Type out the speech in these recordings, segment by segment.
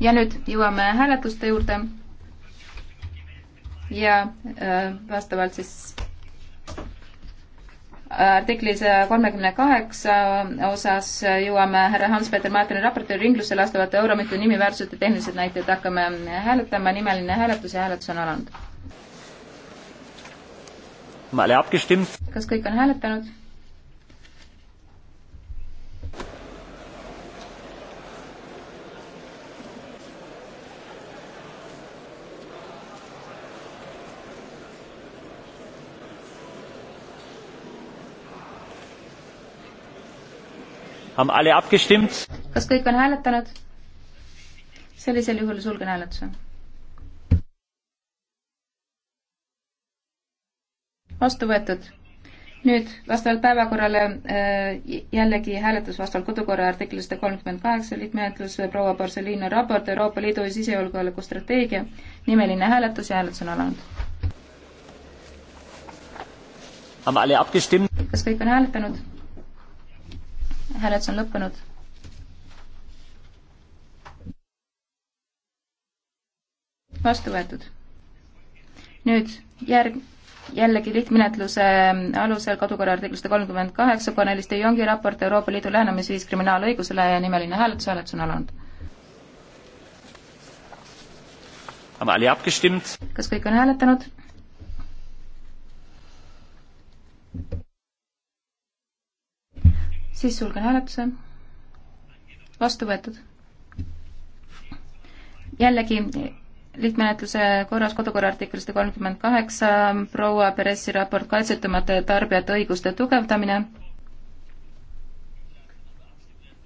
ja nüüd jõuame hääletuste juurde ja äh, vastavalt siis äh, artikli saja äh, kolmekümne kaheksa osas jõuame härra Hans-Peter Martini raporti ringlusse lastavate euromeetri nimiväärsete tehnilised näited, hakkame hääletama, nimeline hääletus ja hääletus on alanud. kas kõik on hääletanud? kas kõik on hääletanud? sellisel juhul sulgen hääletuse. vastu võetud. nüüd vastavalt päevakorrale äh, jällegi hääletus vastavalt kodukorra artikli sada kolmkümmend kaheksa liikmenetlus äh, proua Barcelona raport Euroopa Liidu sisejulgeoleku strateegia nimeline hääletus ja hääletus on alanud. kas kõik on hääletanud? hääletus on lõppenud. vastu võetud. nüüd järg, jällegi lihtmenetluse alusel kodukorra artikli sada kolmkümmend kaheksa, Kornelis de Jongi raport Euroopa Liidu lähenemisviis kriminaalõigusele ja nimeline hääletus, hääletus on alanud. kas kõik on hääletanud? siis sulgen hääletuse. vastu võetud. jällegi lihtmenetluse korras kodukorra artiklist kolmkümmend kaheksa proua Peressi raport kaitsetumate tarbijate õiguste tugevdamine.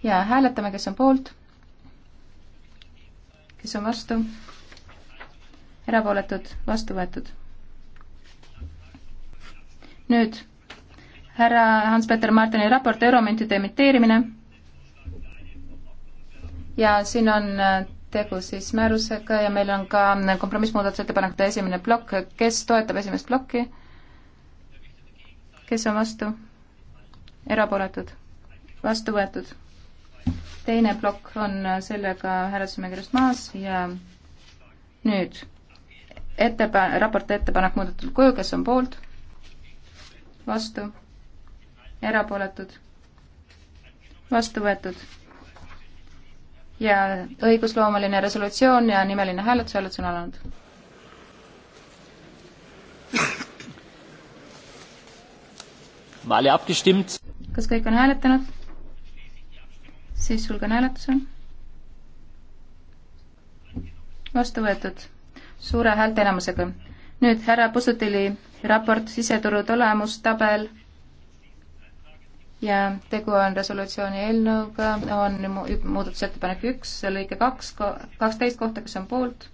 ja hääletame, kes on poolt, kes on vastu, erapooletud, vastu võetud. nüüd härra Hans-Peter Martini raport Euromontide emiteerimine. ja siin on äh, tegu siis määrusega ja meil on ka äh, kompromissmuudatusettepanekute esimene plokk, kes toetab esimest plokki? kes on vastu? erapooletud? vastu võetud? teine plokk on äh, sellega hääletusnimekirjast maas ja nüüd ettepa-, raporti ettepanek muudetud kuju, kes on poolt? vastu? erapooletud, vastu võetud. ja õigusloomeline resolutsioon ja nimeline hääletus, hääletus on alanud. kas kõik on hääletanud? siis sulgen hääletuse. vastu võetud suure häälteenamusega. nüüd härra Pusutili raport siseturu tulemustabel ja tegu on resolutsiooni eelnõuga, on muudatusettepanek üks, lõige kaks, kaksteist kohta, kes on poolt,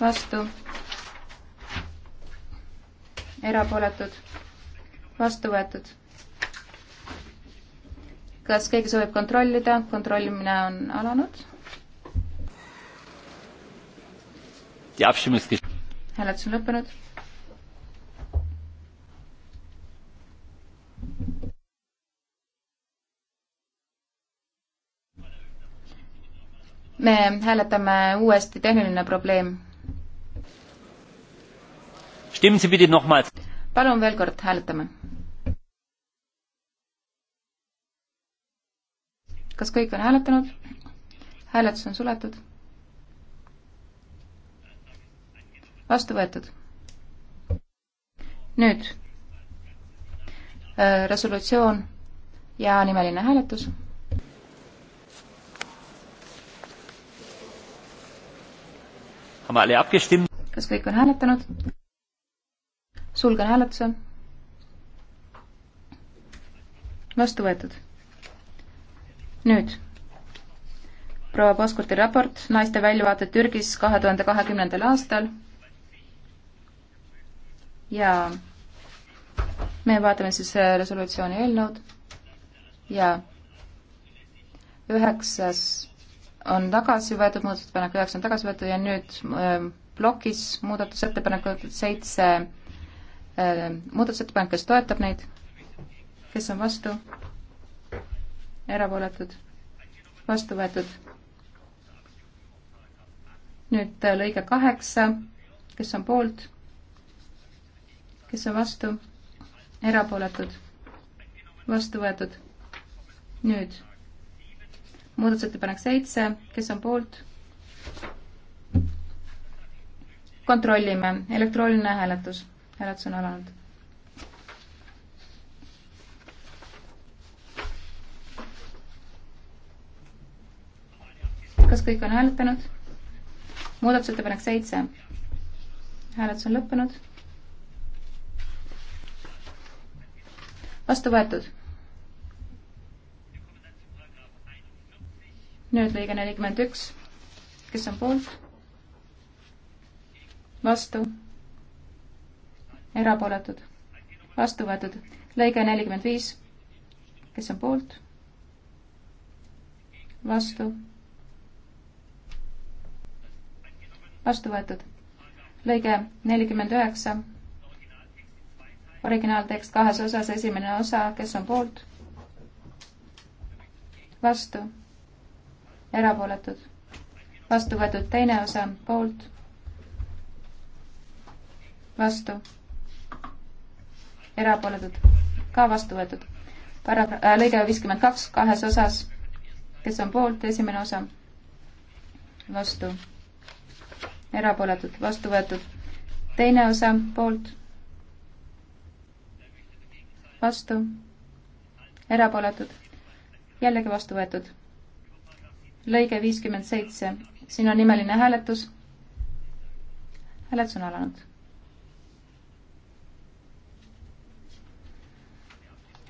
vastu, erapooletud, vastu võetud. kas keegi soovib kontrollida, kontrollimine on alanud. hääletus on lõppenud me hääletame uuesti, tehniline probleem. palun veel kord, hääletame. kas kõik on hääletanud? hääletus on suletud. vastu võetud. nüüd äh, resolutsioon ja nimeline hääletus kas kõik on hääletanud? sulgen hääletuse. vastu võetud. nüüd proua Poskuti raport naiste väljavaate Türgis kahe tuhande kahekümnendal aastal. ja me vaatame siis resolutsiooni eelnõud ja üheksas on tagasi võetud, muudatusettepanek üheksa on tagasi võetud ja nüüd äh, plokis muudatusettepanekud seitse äh, muudatusettepanek, kes toetab neid, kes on vastu, erapooletud, vastu võetud. nüüd äh, lõige kaheksa, kes on poolt, kes on vastu, erapooletud, vastu võetud. nüüd muudatusettepanek seitse, kes on poolt? kontrollime, elektrooniline hääletus, hääletus on alanud. kas kõik on hääletanud? muudatusettepanek seitse, hääletus on lõppenud. vastu võetud nüüd lõige nelikümmend üks, kes on poolt? vastu? erapooletud? vastu võetud. lõige nelikümmend viis, kes on poolt? vastu? vastu võetud. lõige nelikümmend üheksa, originaaltekst kahes osas, esimene osa, kes on poolt? vastu erapooletud, vastu võetud teine osa poolt, vastu, erapooletud, ka vastu võetud. paragrahv äh,, lõige viiskümmend kaks kahes osas, kes on poolt, esimene osa, vastu, erapooletud, vastu võetud, teine osa poolt, vastu, erapooletud, jällegi vastu võetud lõige viiskümmend seitse, siin on nimeline hääletus. hääletus on alanud.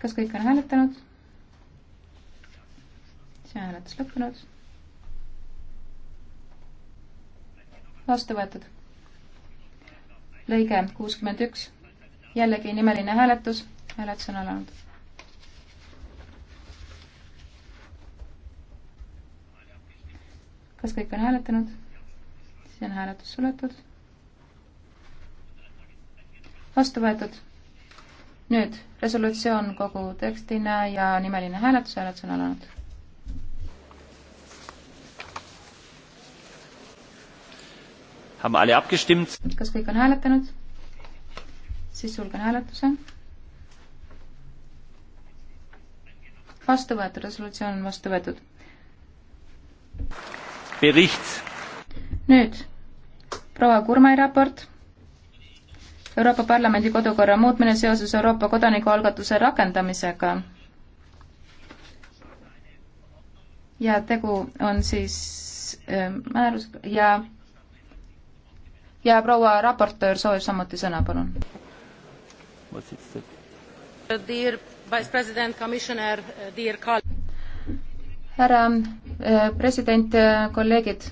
kas kõik on hääletanud? see hääletus lõppenud. vastu võetud. lõige kuuskümmend üks, jällegi nimeline hääletus, hääletus on alanud kas kõik on hääletanud? siis on hääletus suletud. vastu võetud. nüüd resolutsioon kogu tekstina ja nimeline hääletus, hääletus on alanud Haben alle abgestimmt? Kas kõik on hääletanud? Siis sulgen hääletuse. Vastu võetud resolutsioon on vastu võetud. Bericht. nüüd proua Kurmai raport. Euroopa Parlamendi kodukorra muutmine seoses Euroopa kodanikualgatuse rakendamisega. ja tegu on siis äh, määrus ja ja proua raportöör soovib samuti sõna, palun. härra Äh, president, äh, kolleegid,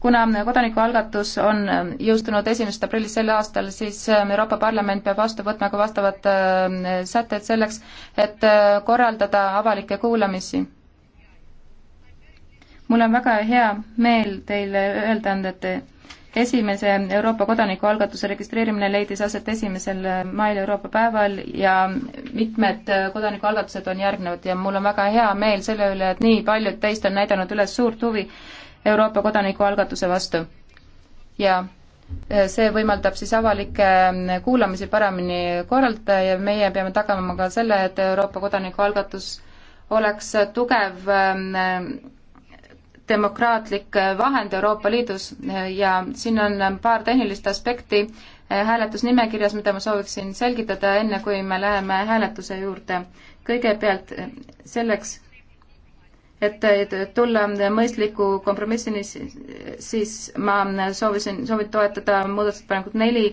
kuna äh, kodanikualgatus on jõustunud esimesest aprillist sel aastal, siis Euroopa Parlament peab vastu võtma ka vastavad sätted selleks, et korraldada avalikke kuulamisi. mul on väga hea meel teile öelda, et esimese Euroopa kodanikualgatuse registreerimine leidis aset esimesel mail Euroopa päeval ja mitmed kodanikualgatused on järgnenud ja mul on väga hea meel selle üle, et nii paljud teist on näidanud üles suurt huvi Euroopa kodanikualgatuse vastu. ja eh, see võimaldab siis avalikke kuulamisi paremini korraldada ja meie peame tagama ka selle, et Euroopa kodanikualgatus oleks tugev eh, demokraatlik vahend Euroopa Liidus ja siin on paar tehnilist aspekti hääletusnimekirjas, mida ma sooviksin selgitada, enne kui me läheme hääletuse juurde. kõigepealt selleks, et tulla mõistliku kompromissini, siis ma soovisin, soovin toetada muudatusettepanekut neli,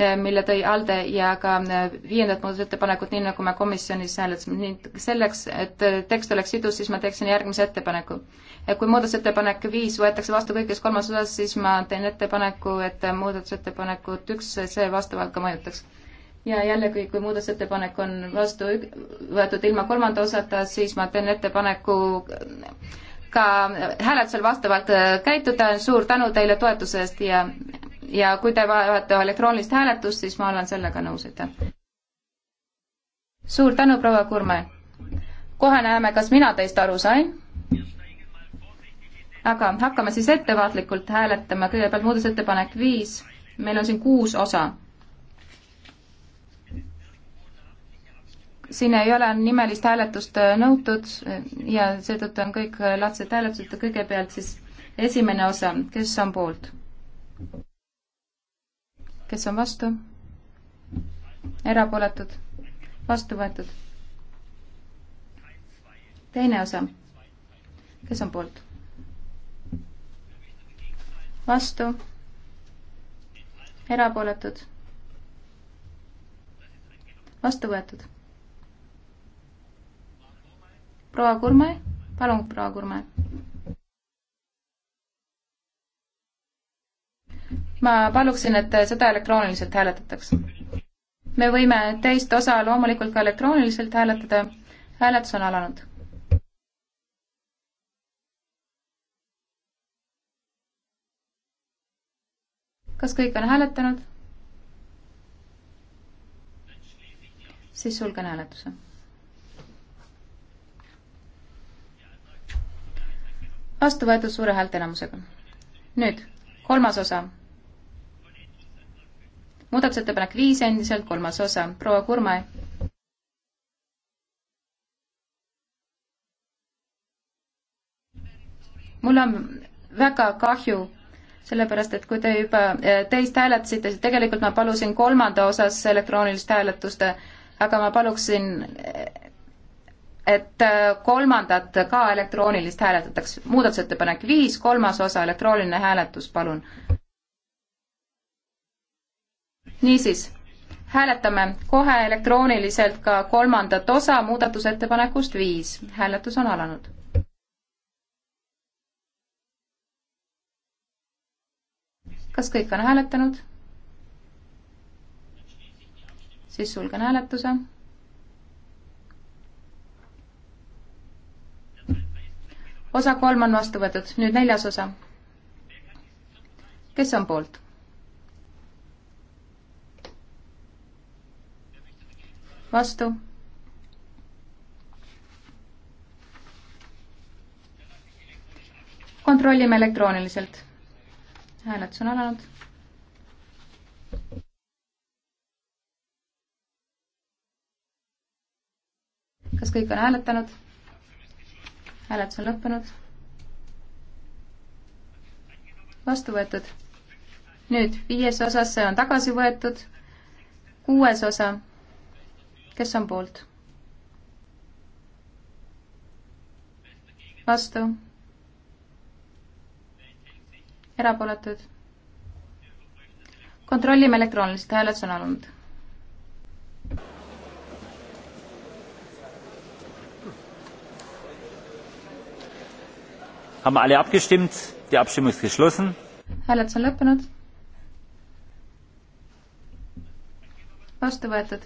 Eh, mille tõi ALDE ja ka eh, viiendat muudatusettepanekut, nii nagu me komisjonis hääletasime. nii selleks, et eh, tekst oleks sidus, siis ma teeksin järgmise ettepaneku. kui muudatusettepanek viis võetakse vastu kõiges kolmas osas, siis ma teen ettepaneku, et muudatusettepanekut üks, see vastavalt ka mõjutaks ja jällegi, kui muudatusettepanek on vastu võetud ilma kolmanda osata, siis ma teen ettepaneku ka hääletusel vastavalt käituda. suur tänu teile toetuse eest ja ja kui te vajate elektroonilist hääletust, siis ma olen sellega nõus, aitäh. suur tänu, proua Kurme. kohe näeme, kas mina teist aru sain. aga hakkame siis ettevaatlikult hääletama, kõigepealt muudatusettepanek viis, meil on siin kuus osa. siin ei ole nimelist hääletust nõutud ja seetõttu on kõik lahtised hääletused, kõigepealt siis esimene osa, kes on poolt? kes on vastu? erapooletud, vastu võetud. teine osa, kes on poolt? vastu, erapooletud, vastu võetud. proua Kurme, palun, proua Kurme ma paluksin, et seda elektrooniliselt hääletataks. me võime teist osa loomulikult ka elektrooniliselt hääletada. hääletus on alanud. kas kõik on hääletanud? siis sulgen hääletuse. vastu võetud suure häälteenamusega. nüüd kolmas osa muudatusettepanek viis endiselt, kolmas osa, proua Kurmai. mul on väga kahju, sellepärast et kui te juba eh, teist hääletasite, siis tegelikult ma palusin kolmanda osas elektroonilist hääletust, aga ma paluksin, eh, et eh, kolmandat ka elektroonilist hääletataks. muudatusettepanek viis, kolmas osa, elektrooniline hääletus, palun niisiis, hääletame kohe elektrooniliselt ka kolmandat osa muudatusettepanekust viis. hääletus on alanud. kas kõik on hääletanud? siis sulgen hääletuse. osa kolm on vastu võetud, nüüd neljas osa. kes on poolt? vastu. kontrollime elektrooniliselt. hääletus on alanud. kas kõik on hääletanud? hääletus on lõppenud. vastu võetud. nüüd viies osas, see on tagasi võetud. kuues osa kes on poolt? vastu? erapooletud? kontrollime elektroonilist, hääled on alanud. Haben alle abgestimmt? Die Abstimmung ist geschlossen. Hääletus on lõppenud. vastu võetud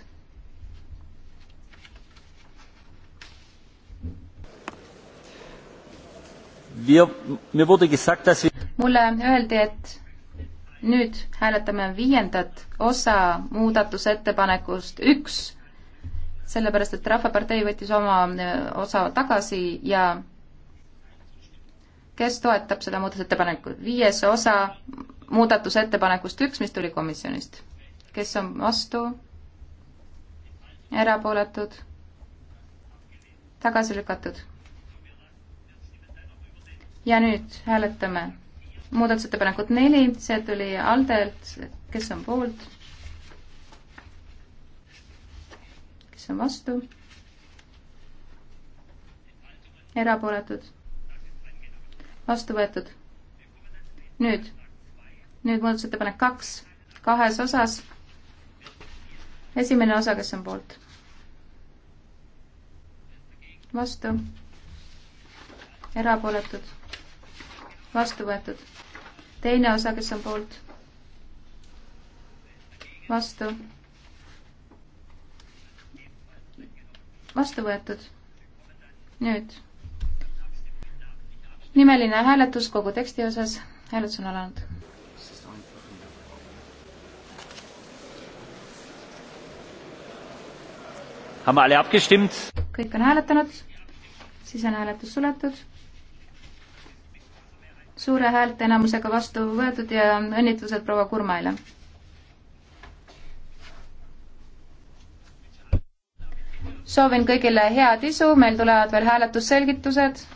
mulle öeldi, et nüüd hääletame viiendat osa muudatusettepanekust üks, sellepärast et Rahvapartei võttis oma äh, osa tagasi ja kes toetab seda muudatusettepanekut, viies osa muudatusettepanekust üks, mis tuli komisjonist. kes on vastu? erapooletud? tagasi lükatud ja nüüd hääletame muudatusettepanekut neli, see tuli Aldelt, kes on poolt? kes on vastu? erapooletud? vastu võetud? nüüd, nüüd muudatusettepanek kaks, kahes osas. esimene osa, kes on poolt? vastu? erapooletud? vastu võetud. teine osa, kes on poolt? vastu. vastu võetud. nüüd. nimeline hääletus kogu teksti osas. hääletus on alanud. kõik on hääletanud, siis on hääletus suletud suure häälteenamusega vastu võetud ja õnnitlused proua Kurmaile. soovin kõigile head isu, meil tulevad veel hääletusselgitused